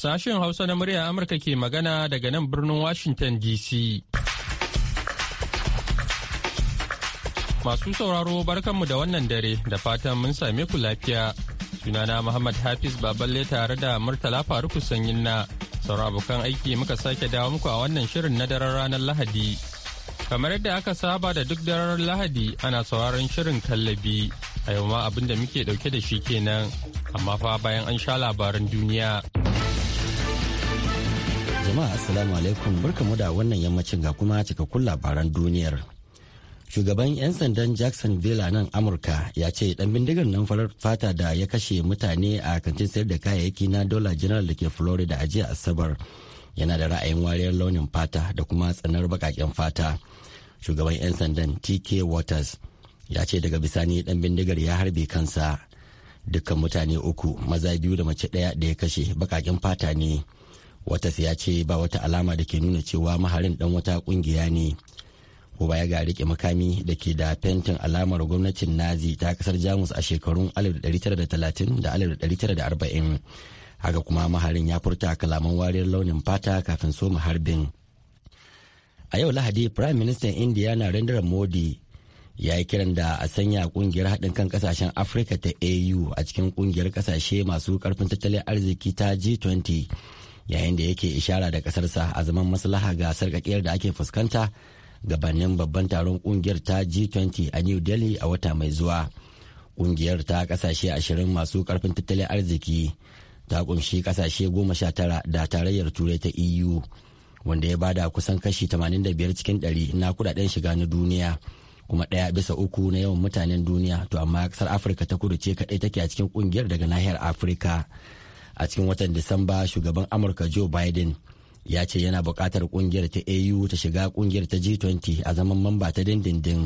Sashen Hausa na murya Amurka ke magana daga nan birnin Washington DC. Masu sauraro barkanmu da wannan dare da fatan mun same ku lafiya. Sunana Muhammad Hafiz Baballe tare da Murtala Faruku Sanyin na sauran abokan aiki muka sake dawo muku a wannan shirin na daren ranar Lahadi. Kamar yadda aka saba da duk daren Lahadi ana sauraron shirin kallabi. A yau ma abin da muke dauke da shi kenan, amma fa bayan an sha labaran duniya. Jama'a Assalamu alaikum barkamu da wannan yammacin ga kuma cikakkun labaran duniyar. Shugaban 'yan sandan jackson villa nan Amurka ya ce dan bindigar nan farar fata da ya kashe mutane a kantin sayar da kayayyaki na dola General da ke Florida a jiya Asabar yana da ra'ayin wariyar launin fata da kuma tsanar baƙaƙen fata. Shugaban 'yan sandan TK Waters ya ce daga bisani dan bindigar ya harbe kansa. dukkan mutane uku maza biyu da mace ɗaya da ya kashe bakakin fata ne watas ya ce ba wata alama da ke nuna cewa maharin dan wata kungiya ne ya ga rike makami da ke da fentin alamar gwamnatin nazi ta kasar jamus a shekarun 1930 da 1940 haka kuma maharin ya furta kalaman wariyar launin fata kafin soma harbin a yau lahadi prime minister india narendra modi ya yi kiran da a sanya kungiyar haɗin kan kasashen afirka ta au a cikin kungiyar kasashe masu karfin tattalin arziki ta g20 yayin da yake ishara da kasarsa a zaman maslaha ga sarkakiyar da ake fuskanta gabanin babban taron ƙungiyar ta G20 a New Delhi a wata mai zuwa. ƙungiyar ta kasashe ashirin masu karfin tattalin arziki ta kunshi ƙasashe goma sha tara da tarayyar turai ta EU wanda ya bada kusan kashi 85 cikin 100 na kudaden shiga na duniya kuma ɗaya bisa uku na yawan mutanen duniya to amma ƙasar Afirka ta kudu ce kaɗai take a cikin ƙungiyar daga nahiyar Afirka. a cikin watan disamba shugaban amurka joe biden ya ce yana bukatar kungiyar ta au ta shiga kungiyar ta g20 a zaman mamba ta dindindin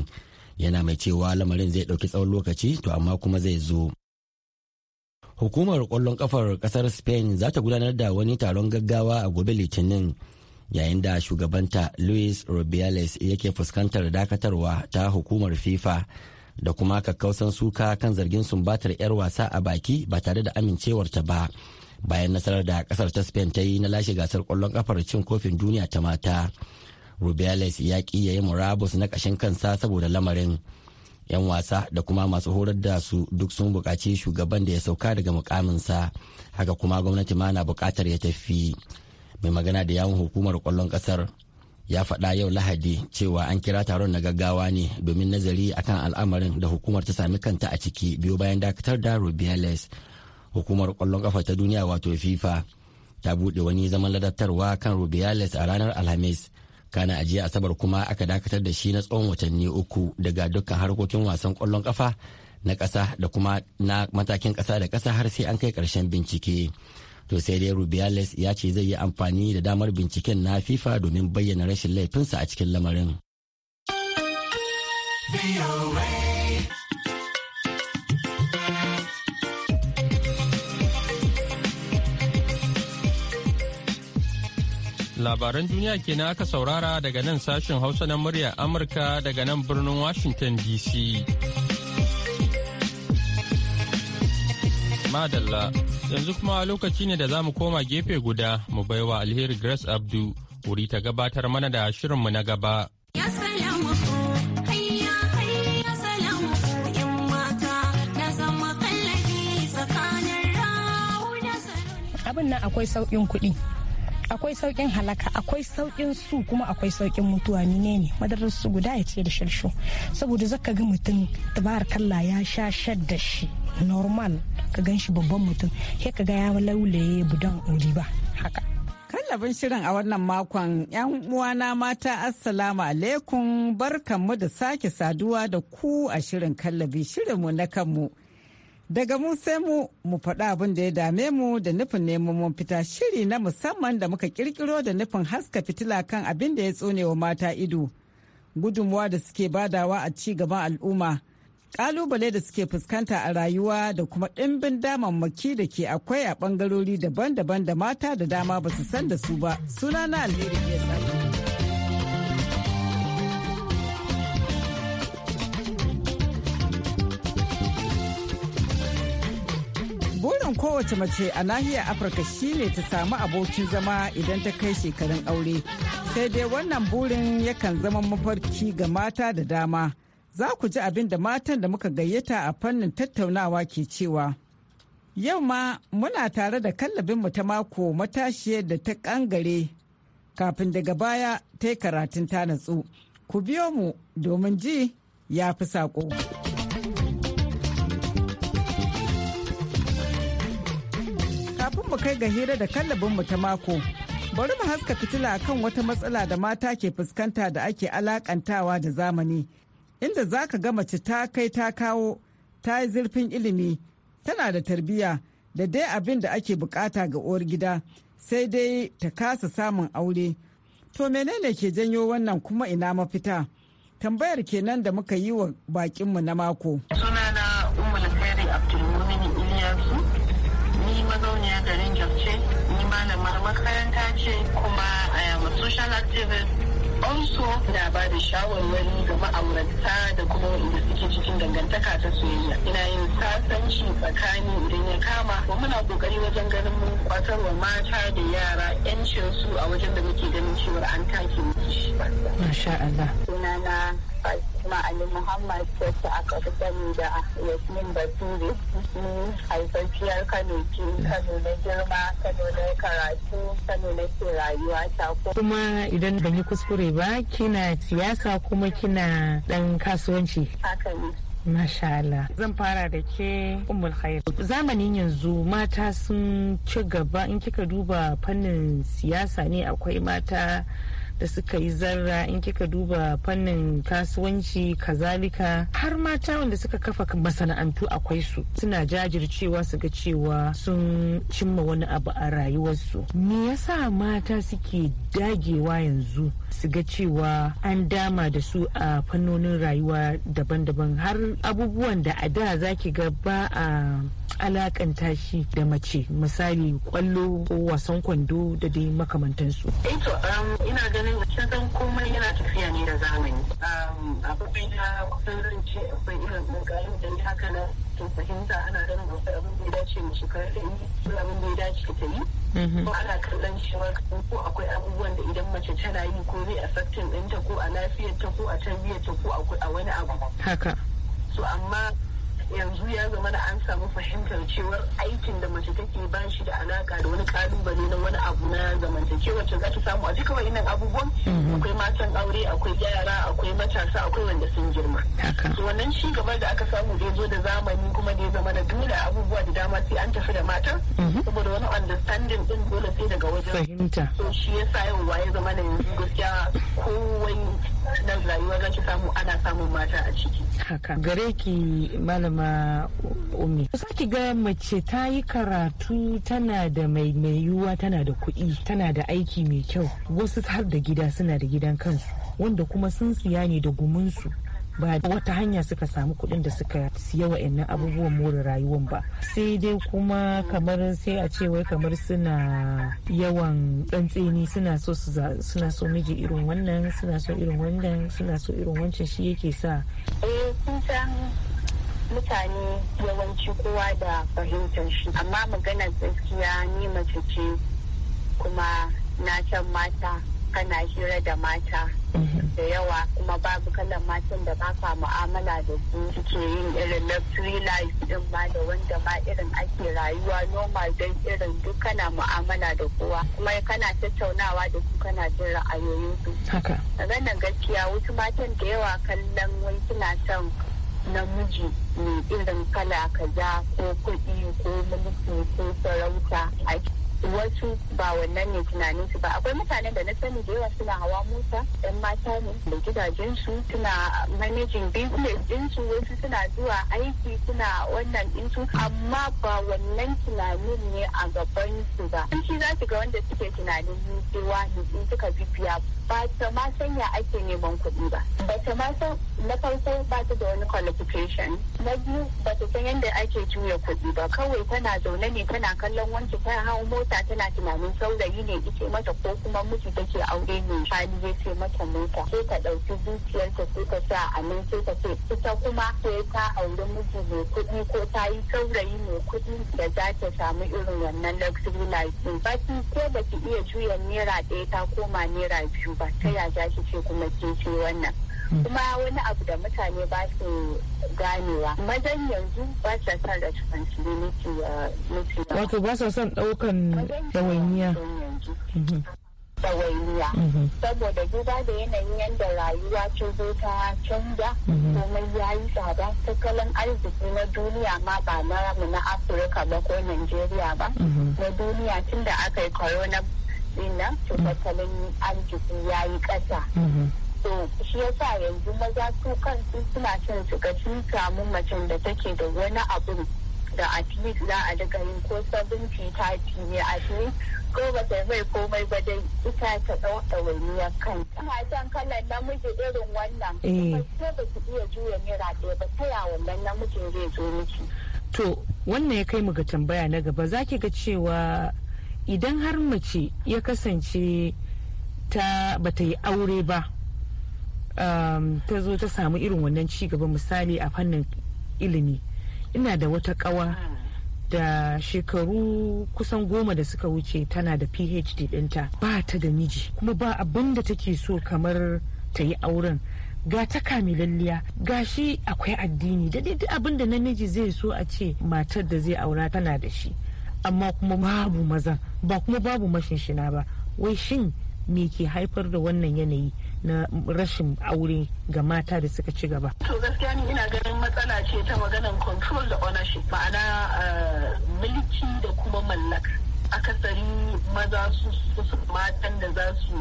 yana mai cewa lamarin zai ɗauki tsawon lokaci to amma kuma zai zo hukumar ƙwallon ƙafar ƙasar spain za ta gudanar da wani taron gaggawa a gobe litinin yayin da shugabanta luis rubiales yake fuskantar dakatarwa ta hukumar fifa da kuma kakkausan suka kan zargin sumbatar 'yar wasa a baki ba tare da amincewarta ba bayan nasarar da kasar ta spain ta yi na lashe gasar kwallon kafar cin kofin duniya ta mata rubiales ya ki ya yi murabus na kashin kansa saboda lamarin yan wasa da kuma masu horar da su duk sun bukaci shugaban da ya sauka daga mukaminsa haka kuma gwamnati ma na buƙatar ya tafi mai magana da yawon hukumar kwallon kasar ya faɗa yau lahadi cewa an kira taron na gaggawa ne domin nazari akan al'amarin da hukumar ta sami kanta a ciki biyo bayan dakatar da rubiales hukumar kwallon kafa ta duniya wato fifa ta buɗe wani zaman ladattarwa kan rubiales a ranar alhamis kana ajiya asabar kuma aka dakatar da shi na tsawon watanni uku daga dukkan harkokin wasan kwallon kafa na ƙasa da kuma na matakin ƙasa da ƙasa har sai an kai karshen bincike to sai dai rubiales ya ce zai yi amfani da damar binciken na fifa domin bayyana rashin laifinsa a cikin lamarin. labaran duniya kenan aka saurara daga nan sashen hausa na murya amurka daga nan birnin washington dc madalla yanzu kuma lokaci ne da za mu koma gefe guda mu baiwa alheri grace abdu wuri ta gabatar mana da shirinmu na gaba abin nan akwai sauƙin kuɗi akwai saukin halaka akwai saukin su kuma akwai saukin mutuwa ne ne madarar su guda ya ce da shalsho saboda zaka ga mutum tabar kalla ya sha shadda shi normal ka gan shi babban mutum he ka ga ya laulaye budan uri ba haka kallabin shirin a wannan makon yan uwana mata assalamu alaikum barkanmu da sake saduwa da ku a shirin kallabi shirinmu na kanmu Daga mun sai mu mu faɗa abin da ya dame mu da nufin neman mun fita shiri na musamman da muka kirkiro da nufin haska fitila kan abin da ya tsone wa mata ido. Gudunmuwa da suke badawa a ci gaban al'umma. ƙalubale da suke fuskanta a rayuwa da kuma ɗimbin damammaki da ke akwai a ɓangarori daban-daban da mata da dama ba su san da su ba. Sunana Alheri Kesa. Burin kowace mace a nahiyar Afirka shine ta samu abokin zama idan ta kai shekarun aure. Sai dai wannan burin yakan zama mafarki ga mata da dama. Za ku ji abin da matan da muka gayyata a fannin tattaunawa ke cewa. Yau ma muna tare da kallabinmu ta mako matashiyar da ta kangare kafin daga baya ta yi karatun ta natsu. Ku biyo mu domin ji ya fi saƙo. mu kai ga hira da kallabinmu ta mako. Bari mu haska fitila kan wata matsala da mata ke fuskanta da ake alakantawa da zamani, inda za ka ga mace ta kai ta kawo, ta yi zurfin ilimi, tana da tarbiyya da dai abin da ake bukata ga uwar gida, sai dai ta kasa samun aure. To menene ke janyo wannan kuma ina mafita? Tambayar kenan da muka yi wa bakinmu na mako. Sunana even also na ba da shawarwari ga ma'aurata da kuma wanda suke cikin dangantaka ta soyayya ina yin sasanci tsakani idan ya kama ko muna kokari wajen ganin mun kwatarwa mata da yara yancin su a wajen da muke ganin cewa an take musu shi masha Allah sunana Fatima Ali Muhammad wacce aka fi sani da Yasmin Basiri ni haifafiyar Kano ce Kano na girma Kano na karatu Kano na ke rayuwa ta kuma idan ban yi kuskure ba kina siyasa kuma kina dan kasuwanci haka ne Masha Allah. Zan fara da ke Ummul Khair. Zamanin yanzu mata sun ci gaba in kika duba fannin siyasa ne akwai mata da suka yi zarra in kika duba fannin kasuwanci kazalika har mata wanda suka kafa masana'antu akwai su suna jajircewa su ga cewa sun cimma wani abu a rayuwarsu me yasa mata suke dagewa yanzu su ga cewa an dama da su a fannonin rayuwa daban-daban har abubuwan da a da zaki ga ba a alakanta shi da mace misali kwallo ko wasan kwando da dai makamantansu. Eh um, ina ganin kin komai yana tafiya ne da zamani abubuwan ya kusan zan ce akwai irin ɗin da ya haka na tun fahimta ana ganin wasu abin da ya dace mu shi karfe ko abin da ya dace ta yi mm-hmm. ko ana kallon cewa ko akwai abubuwan da idan mace tana yi ko zai affecting ɗinta ko a lafiyarta ko a tarbiyyarta ko a wani abu haka so amma yanzu ya zama da an samu fahimtar cewar aikin da mace take ba shi da alaka da wani kalubale na wani abu na zamantakewar za ta samu a duka nan abubuwan mhm. akwai matan aure akwai yara akwai matasa akwai wanda sun girma to wannan shi gaba da aka samu da zo da zamani kuma da zama da dole abubuwa da dama sai an tafi da matan mhm. saboda wani understanding din dole sai daga wajen fahimta so shi sa yau ya zama da yanzu gaskiya kowai nan rayuwa za ki samu ana samun mata a ciki haka gare ki malam zama umi ki ga mace ta yi karatu tana da mai yiwuwa tana da kuɗi tana da aiki mai kyau wasu har da gida suna da gidan kansu wanda kuma sun siya ne da gumunsu ba wata hanya suka samu kuɗin da suka siya wa'annan abubuwan more rayuwan ba sai dai kuma kamar sai a ce wai kamar suna yawan tsantseni suna so suna so miji irin wannan suna so irin wannan suna so irin wancan shi yake sa eh mutane yawanci kowa da fahimtar shi amma maganar gaskiya ni mace ce kuma na can mata kana hira da mata da yawa kuma babu kalan matan da ba ka mu'amala da su suke yin irin free life din ma da wanda ma irin ake rayuwa normal don irin duk kana mu'amala da kowa kuma kana tattaunawa da su kana jin ra'ayoyin su. Haka. gaskiya wasu matan da yawa kallon wani suna son namiji mai irin kala kaza ko kuɗi ko mulki su ba wannan ne tunanin su ba akwai mutanen da na sani da yawa suna hawa mota yan mata ne da gidajen su suna managing business din su wasu suna zuwa aiki suna wannan din su amma ba wannan tunanin ne a gaban su ba shi za su ga wanda suke tunanin cewa in suka bibiya ba ta ma sanya ake neman kuɗi ba ba ta ma san na farko ba ta da wani qualification na biyu ba ta san yadda ake juya kuɗi ba kawai tana zaune ne tana kallon wanki ta hau mota tana tunanin saurayi ne ita mata ko kuma miji take aure ne hali ya ce mata mota sai ta ɗauki zuciyarta sai ta sa a nan sai ta ce ita kuma sai ta aure miji mai kuɗi ko ta yi saurayi mai kuɗi da za ta samu irin wannan luxury life ba ki ko ba ki iya juya naira ɗaya ta koma naira biyu ba ta ya za ki ce kuma ke ce wannan kuma wani abu da mutane ba su ganewa mazan yanzu ba sa son responsibility uh, wato ba sa son daukan dawainiya dawainiya mhm. mhm. saboda duba da yanayin yadda rayuwa ta zo ta canza mhm. komai ya yi tsada tattalin arziki na duniya ma ba na mu na afirka ba ko najeriya ba na duniya tunda aka yi corona din nan tattalin arziki ya yi ƙasa so shi yasa yanzu maza su kansu suna cin su ga sun samu macen da take da wani abin da at least za a daga yin ko sabinci tati ne a shi ko ba ta mai komai ba dai ita ta ɗau ɗawainiyar kanta. Ina son kallon namiji irin wannan. Ba eh. ba su iya juya naira ɗaya ba ta ya wannan namijin zai zo miki. To wannan ya kai mu ga tambaya na gaba za ki ga cewa idan har mace ya kasance ta bata yi aure ba Um, ta zo ta samu irin wannan ci gaba misali a fannin ilimi ina da wata kawa da shekaru kusan goma da suka wuce tana da phd dinta. ba ta da miji kuma ba abin da take so kamar ta yi auren ga ta kamilalliya ga shi akwai addini da duk abin da namiji zai so a ce matar da zai aura tana da shi amma kuma babu maza ba kuma babu mashinshina ba wai shin me ke haifar da wannan yanayi na rashin aure ga mata da suka ci gaba. To gaskiya ni ina ganin matsala ce ta maganar control da ownership ma'ana eh, mulki da kuma mallaka. Akasari maza su matan da za su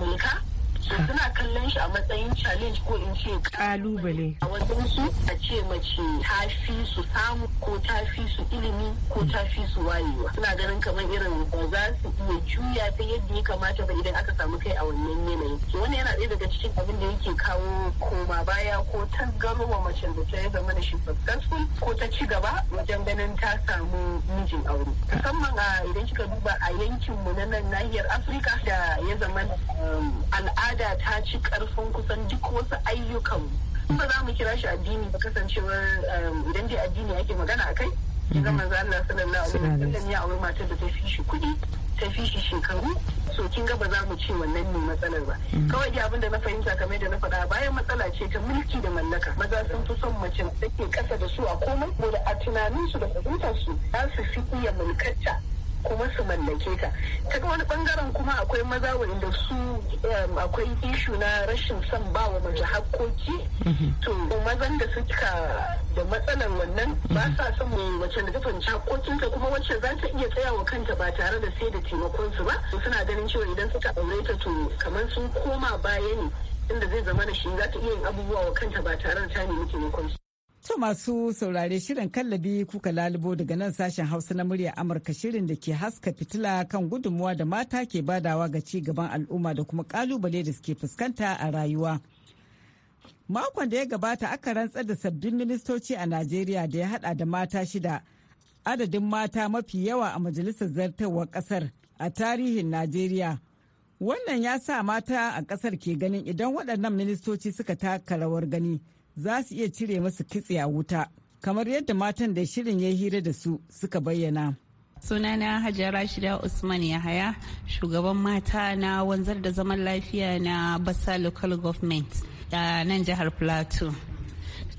mulka suna kallon shi a matsayin challenge ko in ce kalubale a wajen su a ce mace ta fi su samu ko ta fi su ilimi ko ta fi su wayewa suna ganin kamar irin ba za su iya juya ta yadda ya kamata ba idan aka samu kai a wannan yanayin to wani yana ɗaya daga cikin abin da yake kawo koma baya ko ta gano wa mace da ta zama da shi successful ko ta ci gaba wajen ganin ta samu mijin aure musamman a idan kika duba a yankinmu na nan nahiyar afirka da ya zama um, al'ada al'ada ta ci karfin kusan duk wasu ayyukan ba za mu kira shi addini ba kasancewar um, idan dai addini ake magana a kai idan mhm. manzo Allah sallallahu alaihi wasallam ya aure matar da ta fi shi kuɗi ta fi shi shekaru so kin ga ba za mu ce wannan ne matsalar ba mhm. kawai dai abin da na fahimta kamar da na faɗa bayan matsala ce ta mulki da mallaka maza sun fi son mace da ke ƙasa da su a komai ko da a tunanin su da fahimtar su za su fi iya mulkarta kuma su mallake ta ta wani bangaren kuma akwai maza wanda su akwai ishu na rashin son ba wa mace hakkoki mhm. to mazan da suka da matsalar wannan ba mhm. sa son mu wace da ta fahimci hakkokinta kuma wacce za ta iya tsaya wa kanta ba tare da sai da taimakon su ba suna ganin cewa idan suka aure ta to kamar sun koma baya ne inda zai zama da shi za ta iya yin abubuwa wa kanta ba tare da ta nemi taimakon su To masu saurare shirin kallabi kuka lalubo daga nan sashen Hausa na murya Amurka shirin da ke haska fitila kan gudunmuwa da mata ke badawa ga ci gaban al'umma da kuma kalubale da suke fuskanta a rayuwa. Makon da ya gabata aka rantsar da sabbin ministoci a Najeriya da ya hada da mata shida. Adadin mata mafi yawa a majalisar zartarwar kasar a tarihin Najeriya. Wannan ya sa mata a kasar ke ganin idan waɗannan ministoci suka taka rawar gani. za su iya cire masu kitse a wuta kamar yadda matan da shirin ya hira da su suka bayyana. sunana hajara shida usman yahaya shugaban mata na wanzar da zaman lafiya na basa local government a nan jihar plateau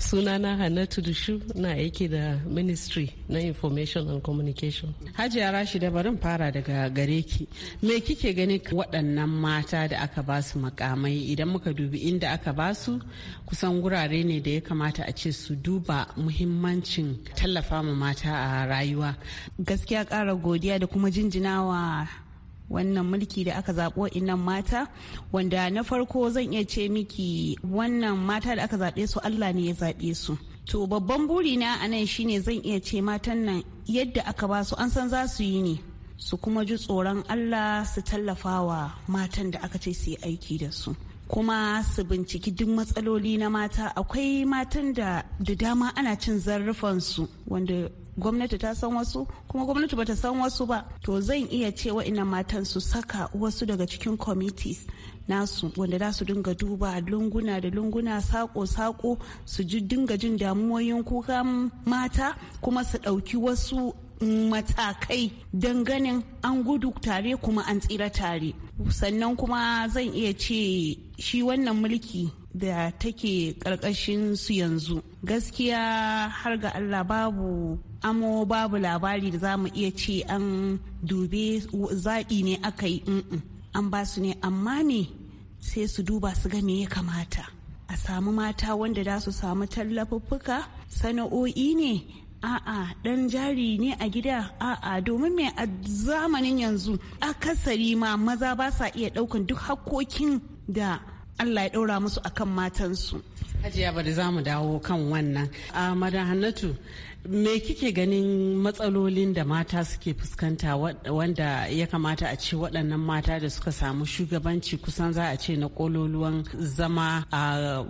sunana hannatu dushu na aiki da ministry na information and communication hajiya rashida barin fara daga gare ki me kike gani waɗannan mata da aka ba su makamai idan muka dubi inda aka ba su kusan gurare ne da ya kamata a ce su duba muhimmancin tallafa ma mata a rayuwa gaskiya ƙara godiya da kuma jinjinawa wannan mulki da aka zaɓo innan mata wanda na farko zan iya ce miki wannan mata da aka zaɓe su allah ne ya zaɓe su to babban burina a nan shine zan iya ce matan nan yadda aka ba su an san za su yi ne su kuma ji tsoron allah su tallafa wa matan da aka ce su yi aiki da su kuma su binciki duk matsaloli na mata akwai matan da dama ana cin zarrufansu wanda gwamnati ta san wasu kuma gwamnati bata san wasu ba to zan iya ce wa'ina matan su saka wasu daga cikin committees nasu wanda za su dinga duba lunguna da lunguna sako-sako su dinga jin damuwoyin kuka mata kuma su ɗauki wasu matakai don ganin an gudu tare kuma an tsira tare sannan kuma zan iya ce shi wannan mulki da take karkashin su yanzu gaskiya har ga allah babu amo babu labari da za mu iya ce an dube zaɓi ne aka yi an ba su ne amma ne sai su duba su ga me ya kamata a samu mata wanda za su samu tallafuffuka sana'o'i ne a'a dan jari ne a gida a'a domin me a zamanin yanzu akasari ma maza ba sa iya daukan duk hakkokin da Allah ya ɗaura musu akan matansu. Hajiya bari za mu dawo kan wannan. A Hannatu me kike ganin matsalolin da mata suke fuskanta wanda ya kamata a ce waɗannan mata da suka samu shugabanci kusan za a ce na kololuwan zama a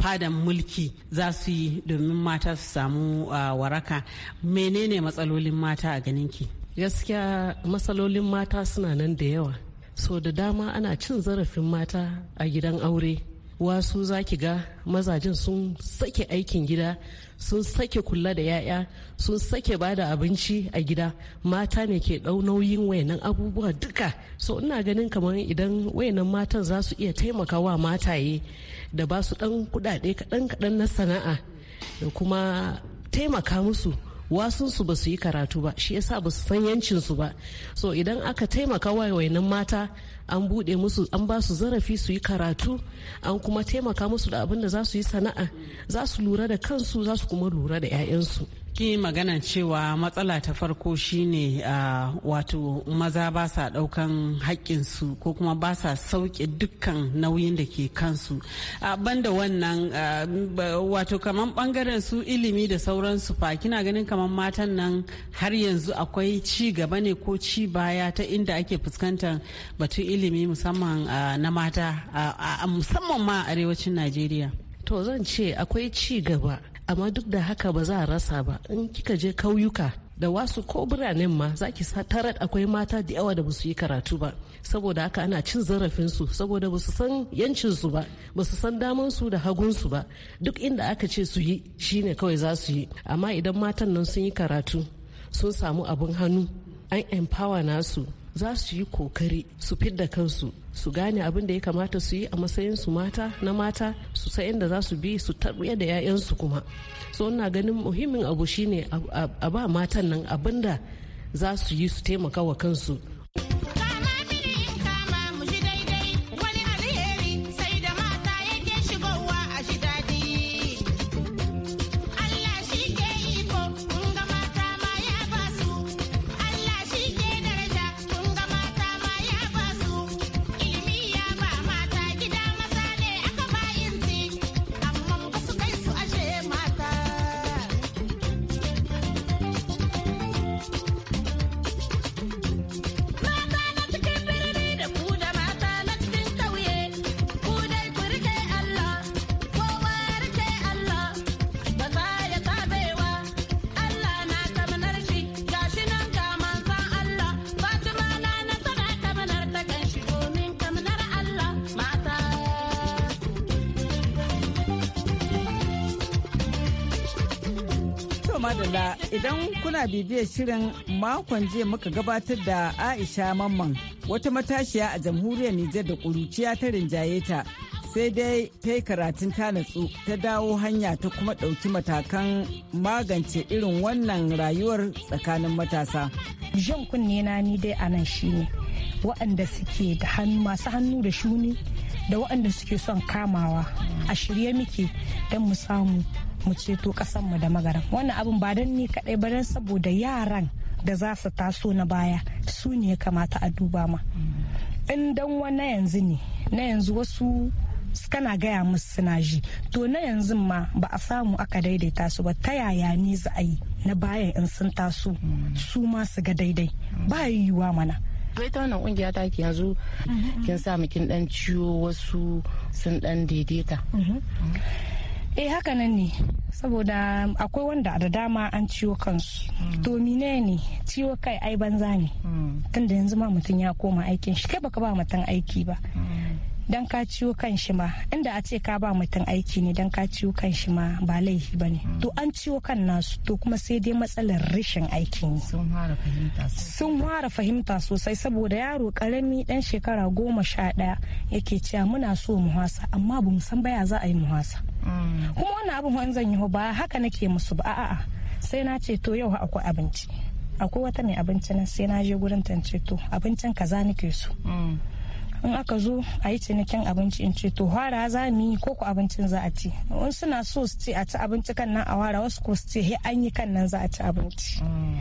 fadan mulki za su yi domin mata su samu waraka menene matsalolin mata a ganinki gaskiya matsalolin mata suna nan da yawa so da dama ana cin zarafin mata a gidan aure wasu za ki ga mazajin sun sake aikin gida sun sake kula da 'ya'ya sun sake ba da abinci a gida mata ne ke ɗau nauyin wayannan abubuwa duka so ina ganin kamar idan wayannan matan za su iya taimakawa mataye da ba su ɗan kuɗaɗe kaɗan-kaɗan na sana'a da kuma taimaka musu wasansu ba su yi karatu ba shi yasa ba su san su ba so idan aka taimaka wa wainan mata an bude musu an ba su zarafi su yi karatu an kuma taimaka musu da abin da za su yi sana'a za su lura da kansu za su kuma lura da 'ya'yansu ki magana cewa matsala ta farko shine uh, wato maza ba sa daukan haƙƙinsu ko kuma ba sa sauke dukkan nauyin da ke kansu uh, banda wannan wato kamar bangaren su ilimi da sauransu fa kina ganin kamar matan nan har yanzu akwai ci gaba ne ko ci baya ta inda ake fuskantar batun ilimi musamman na mata musamman ma a arewacin najeriya to zan ce akwai ci gaba amma duk da haka ba za a rasa ba in kika je kauyuka da wasu ko biranen ma za ki tarar akwai mata da yawa da ba su yi karatu ba saboda haka ana cin zarafin su saboda ba su san yancinsu ba ba su san damansu da hagunsu ba duk inda aka ce su yi shine kawai za su yi amma idan matan nan sun yi karatu sun samu abin hannu an empower nasu za su yi kokari su fidda kansu su gane abin da ya kamata su yi a matsayin su mata na mata su sa inda za su bi su tarbiya da 'ya'yansu kuma so ina ganin muhimmin abu shine a ba matan nan abin da za su yi su taimaka wa kansu To madalla idan kuna bibiyar shirin makon jiya muka gabatar da Aisha Mamman wata matashiya a jamhuriyar Nijar da kuruciya ta rinjaye ta sai dai ta yi karatun ta natsu ta dawo hanya ta kuma ɗauki matakan magance irin wannan rayuwar tsakanin matasa. Jan kunne na ni dai anan nan ne waɗanda suke da hannu masu hannu da shuni da waɗanda suke son kamawa a shirye muke don mu samu mu ceto mu da magaran wannan abin ba don ni kadai ba don saboda yaran da za su taso na baya su ne ya kamata a duba ma in dan wani yanzu ne na yanzu wasu kana gaya musu suna ji to na yanzu ma ba a samu aka daidaita su ba ta yaya ni za a yi na bayan in sun taso su ma su ga daidai ba yiwuwa mana akwai ta wannan kungiya ta ki yanzu mhm. kin sa mukin dan ciwo wasu sun dan daidaita mhm. eh haka nan ne saboda akwai wanda da dama an ciwo kansu hmm. to mine ne ciwo kai ai banza ne hmm. tunda yanzu ma mutum ya koma aikin shi kai baka ba mutum aiki ba hmm. dan ka ciwo kan shi ma inda a ce ka ba mutum aiki ne dan ka ciwo kan shi ma ba laifi ba ne to an ciwo kan nasu to kuma sai dai matsalar rashin aiki ne sun fara fahimta sosai saboda yaro karami dan shekara goma sha daya yake cewa muna so mu hasa amma ba mu san baya za a yi mu hasa mm. kuma wannan abin wani zan yi ba haka nake musu ba a'a sai na ce to yau akwai abinci akwai wata mai abinci nan sai na je gurin tance to abincin kaza nake so mm. in aka zo a yi cinikin abinci in ce to hara za mu yi ko ku abincin za a ci in suna so su ce a ci abinci kan nan a wara wasu ko su ce he an yi kan nan za a ci abinci mm.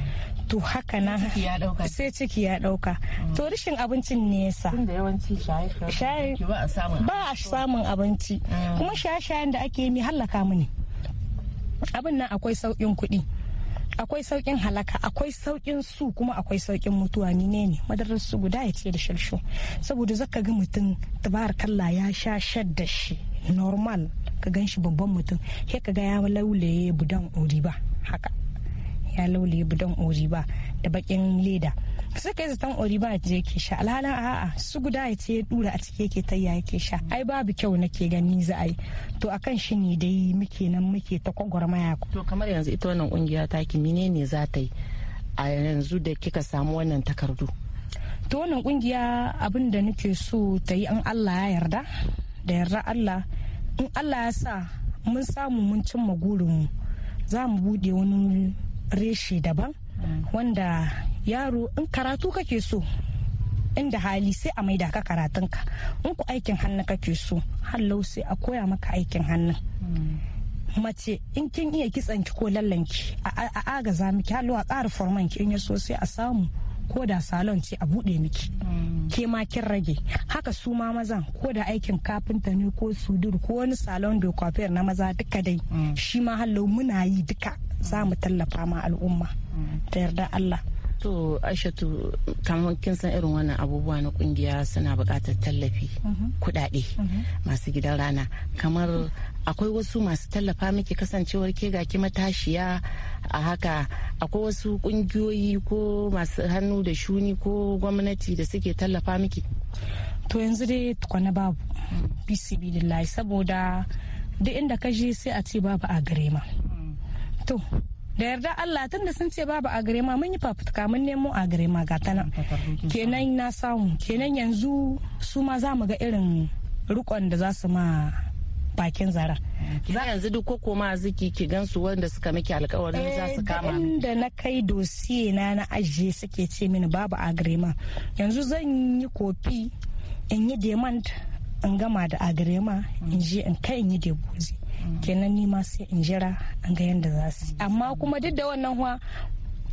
to haka na sai ciki ya dauka mm. to rashin abincin ne yasa ba a samun abinci mm. kuma shaye-shayen da ake yi halaka mu ne abin nan akwai sauƙin kuɗi akwai sauƙin halaka akwai sauƙin su kuma akwai sauƙin mutuwa ni ne ne madarar su guda ya ce da shalsho saboda zaka ga mutum tabar kalla ya sha shadda shi normal ka gan shi babban mutum sai ka ga ya laulaye budan ori ba haka ya laulaye budan ori ba da bakin leda suka yi zaton oriba ya je ke sha alhalin a'a su guda ya ce ya dura a cike yake tayya yake sha ai babu kyau nake gani za a yi to akan shi ne dai muke nan muke ta kwagwarmaya to kamar yanzu ita wannan kungiya ta ki menene za ta yi a yanzu da kika samu wannan takardu to wannan kungiya abin da nake so ta yi an Allah ya yarda da yarda Allah in Allah ya sa mun samu mun cimma gurinmu za mu bude wani reshe daban mm. wanda yaro in karatu kake so inda hali sai a maida ka karatunka in ku aikin hannu kake so hallau sai a koya maka aikin hannu hmm. mace in kin iya kitsanki ko lallanki a agaza miki hallo a ƙara forman ki in ya so sai a samu ko da salon ce a buɗe miki hmm. ke ma kin rage haka su ma mazan ko da aikin kafinta ne ko sudur ko wani salon da kwafiyar na maza duka dai hmm. shi ma hallo muna yi duka za mu tallafa ma al'umma ta yarda Allah to aishatu kamar kin san irin wannan abubuwa na kungiya suna bukatar tallafi mhm. kudade mhm. masu gidan rana kamar akwai wasu masu tallafa miki kasancewar ke ga ki matashiya a haka akwai wasu kungiyoyi ko masu hannu da shuni ko gwamnati da suke tallafa miki to yanzu dai tukwana babu bcb lillahi saboda duk inda ka je sai a ce babu a gare ma mm. to da yarda Allah tun da sun ce babu ma mun yi fafutuka mun nemo ma ga tana kenan na samu kenan yanzu su ma za mu ga irin rikon da za su ma bakin zara za yanzu duk ko ma ziki ki gansu wanda suka miki alkawarin za su eh, kama inda na kai dosiye na na ajiye suke ce mini babu ma yanzu zan yi kofi in yi demand in gama da agrema in je in kai in yi debozi kenan ni ma sai in jira an ga yadda za su amma kuma duk da wannan huwa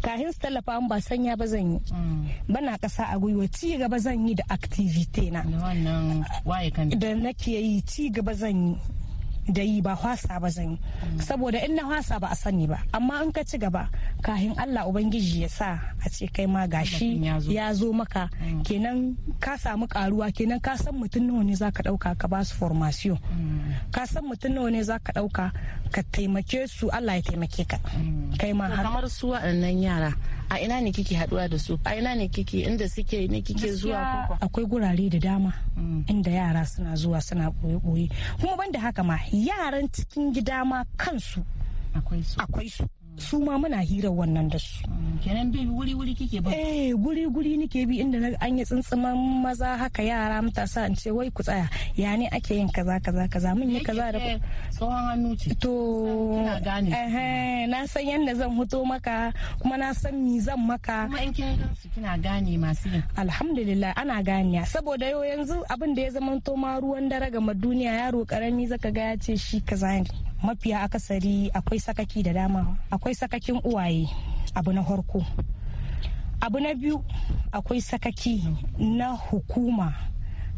kahin su tallafa ba sanya ba zan yi mm. bana kasa a gwiwa ci gaba zan yi da activity na da nake yi ci gaba zan yi da yi ba hwasa ba zan yi saboda in na hwasa ba a sani ba amma in ka ci gaba kahin Allah ubangiji ya sa a ce kai ma gashi ya zo maka mm. kenan ka samu karuwa kenan ka san mutum nawa ne zaka dauka ka ba su formation mm. ka san mutum nawa ne zaka dauka ka taimake su Allah ya taimake ka mm. kai ma kamar su waɗannan yara a ina ne kike haduwa da su a ina ne kike inda suke ne kike zuwa akwai gurare da dama mm. inda yara suna zuwa suna boye-boye kuma banda haka ma yaran cikin gida ma kansu akwai su su ma muna hirar wannan da su mm, kenan bi wuri wuri kike ba eh guri guri nike bi inda na an yi tsuntsuman maza haka yara matasa in ce wai ku tsaya ya ne ake yin kaza kaza kaza mun yi kaza da tsohon hannu ce to eh, na san yadda zan fito maka kuma na san mi zan maka kuma in kin su kina gane masu yin alhamdulillah ana gane saboda yau yanzu abin da ya zama to ma ruwan dare ma duniya yaro karami zaka ga ya ce shi kaza ne mafiya akasari akwai sakaki da dama akwai sakakin uwaye abu na harko abu na biyu akwai sakaki na hukuma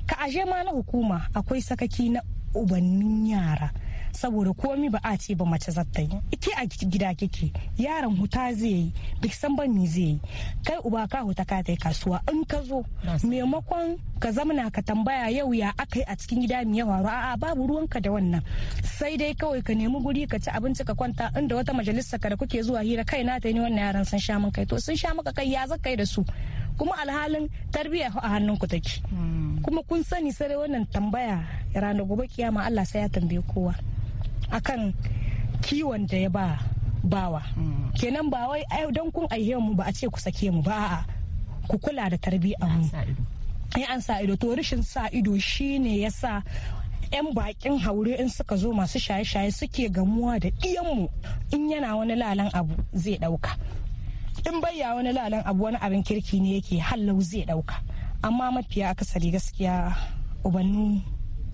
ka ashe ma na hukuma akwai sakaki na ubannin yara saboda komi ba a ce ba mace zata yi ke a gida kike yaran huta zai yi duk san ban mi zai yi kai uba ka huta ka kai kasuwa in ka zo maimakon ka zamana ka tambaya yau ya akai a cikin gida mi yawa a'a babu ruwanka da wannan sai dai kawai ka nemi guri ka ci abinci ka kwanta inda wata majalisa ka da kuke zuwa hira kai na ta ne wannan yaran sun sha min kai to sun sha maka kai ya zaka kai da su kuma alhalin tarbiyya a hannun ku take hmm. kuma kun sani sai wannan tambaya ranar gobe kiyama Allah sai ya tambaye kowa akan kiwon da ya ba bawa mm. kenan ba wai don kun aihe mu ba a ce ku sake mu ba a ku kula da tarbiya mu in an sa ido to rashin sa ido shine yasa 'yan bakin haure in suka zo masu shaye-shaye suke gamuwa da ɗiyanmu in yana wani lalan abu zai ɗauka in bayya wani lalan abu wani abin kirki ne yake hallau zai ɗauka amma mafiya akasari gaskiya ubanni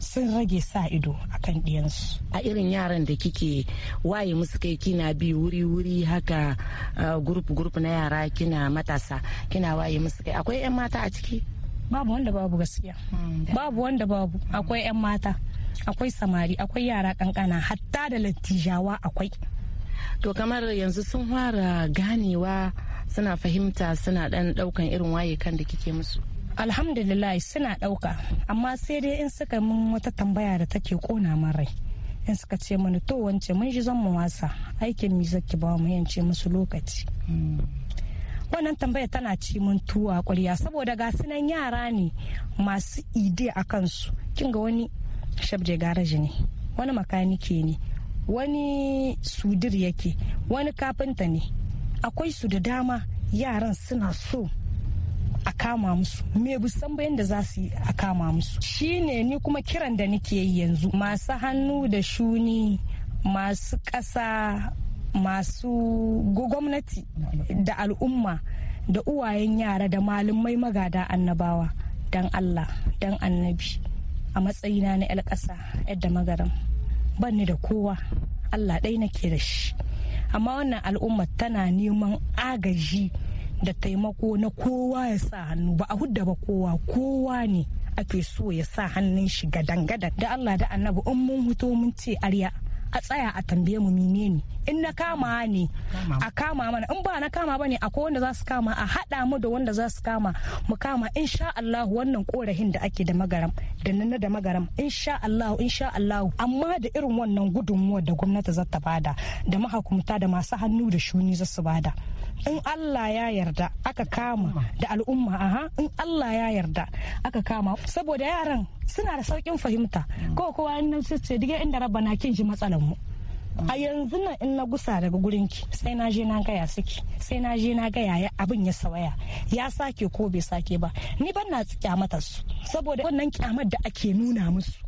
sun rage sa ido a kan ɗiyansu. A irin yaran da kike waye musu kai kina bi wuri-wuri haka gurup-gurup na yara kina matasa kina waye musu kai akwai 'yan mata a ciki? Babu wanda babu gaskiya. Hmm, babu wanda babu akwai 'yan mata. Akwai samari, akwai yara kankana, hatta da lattijawa akwai. To kamar yanzu sun fara ganewa suna fahimta suna dan daukan irin waye kan da kike musu. alhamdulillah suna ɗauka amma sai dai in suka min wata tambaya da take kona min rai in suka ce mani to wance mun shi zan mu wasa aikin mi zaki ba mu yance musu lokaci wannan tambaya tana ci mun tuwa ƙwarya saboda ga sunan yara ne masu ide a kansu kin ga wani shabje garaji ne wani makanike ne wani sudir yake wani kafinta ne akwai su da dama yaran suna so kama musu me bu san ba yanda za su yi a kama musu shine ni kuma kiran da nake yi yanzu masu hannu da shuni masu ƙasa masu gwamnati da al'umma da uwayen yara da malumai magada annabawa don allah don annabi a matsayina na 'yar ƙasa yadda magaram ban ni da kowa allah ɗai nake da shi amma wannan al'umma tana neman agaji da taimako na kowa ya sa hannu ba a hudda ba kowa kowa ne ake so ya sa hannun shi ga gadan da Allah da annabi in mun huto mun ce arya a tsaya a tambaye mu ne in na kama ne a kama mana in ba na kama bane akwai wanda za su kama a hada mu da wanda za su kama mu kama insha Allah wannan korahin da ake da magaram da nan da magaram insha Allah insha Allah amma da irin wannan gudunmuwa da gwamnati za ta bada da mahakumta da masu hannu da shuni za su bada in Allah ya yarda aka kama da al'umma aha in Allah ya yarda aka kama saboda yaran suna da saukin fahimta ko kowa in nan ce diga inda rabba na kin ji matsalan mu a yanzu nan in na gusa daga gurin ki sai na je na gaya siki sai na je na gaya ya abin ya sawaya ya sake ko bai sake ba ni ban na kyamatar su saboda wannan kyamar da ake nuna musu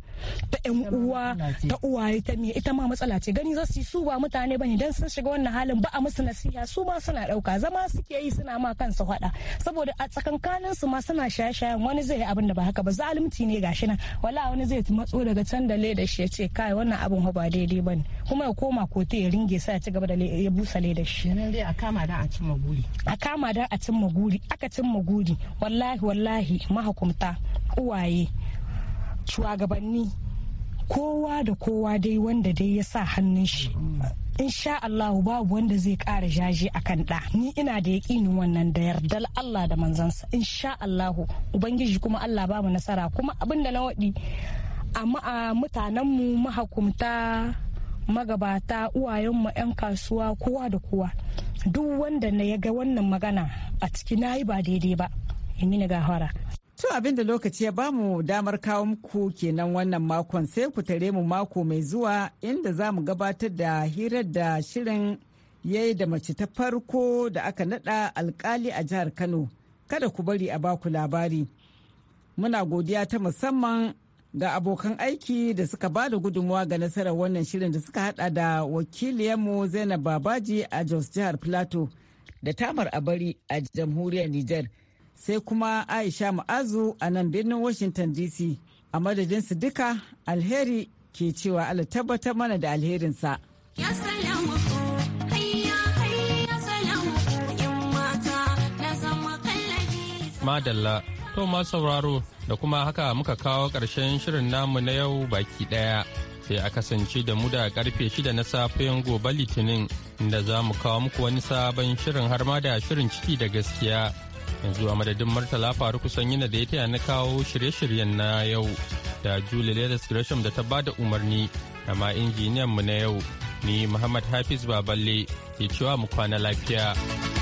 ta yan uwa ta uwaye ta me ita ma matsala ce gani za su yi su ba mutane bane dan sun shiga wannan halin ba a musu nasiha su ma suna dauka zama suke yi suna ma kansu hada saboda a tsakankanin su ma suna shaye-shayen wani zai yi abin da ba haka ba zalunci ne gashi nan wala wani zai matso daga can da leda shi ya ce kai wannan abin ba daidai bane kuma ya koma kotu ya ringe sa ya ci gaba da ya busa leda shi dai a kama dan a cin guri a kama dan a cin guri aka cin maguri wallahi wallahi mahukumta uwaye shugabanni kowa da kowa dai wanda dai ya sa hannun shi insha Allah babu wanda zai kara jaje a kan ɗa ni ina da yaƙinin wannan da yardal Allah da manzansa insha Allah ubangiji kuma Allah ba mu nasara kuma abin da na waɗi a mutanenmu mahakumta magabata uwayenmu 'yan kasuwa kowa da kowa duk wanda na yaga wannan magana a ciki na yi ba daidai ba yamina gahara To abin da lokaci ya ba mu damar kawo muku kenan wannan makon sai ku tare mu mako mai zuwa inda za mu gabatar da hirar da shirin ya yi da mace ta farko da aka nada alkali a jihar Kano. Kada ku bari a baku labari. Muna godiya ta musamman ga abokan aiki da suka ba da gudunmuwa ga nasarar wannan shirin da suka hada da wakiliyarmu Zainab Babaji a Jos Jihar Plateau da Tamar Abari a jamhuriyar Nijar. sai kuma Aisha Ma'azu a nan birnin Washington DC. A madadin madadinsu duka alheri ke cewa Allah tabbatar mana da alherinsa. Madalla, to ma sauraro da kuma haka muka kawo ƙarshen shirin namu na yau baki ɗaya. Sai a kasance da mu da karfe shida na safiyan gobe litinin inda za mu kawo muku wani sabon shirin har ma da shirin ciki da gaskiya. yanzu a madadin martala faru kusan yana da ya taya na kawo shirye-shiryen na yau da julie ladis gresham da ta bada umarni amma injiniyan mu na yau ni muhammad hafiz baballe ke cewa mu kwana lafiya.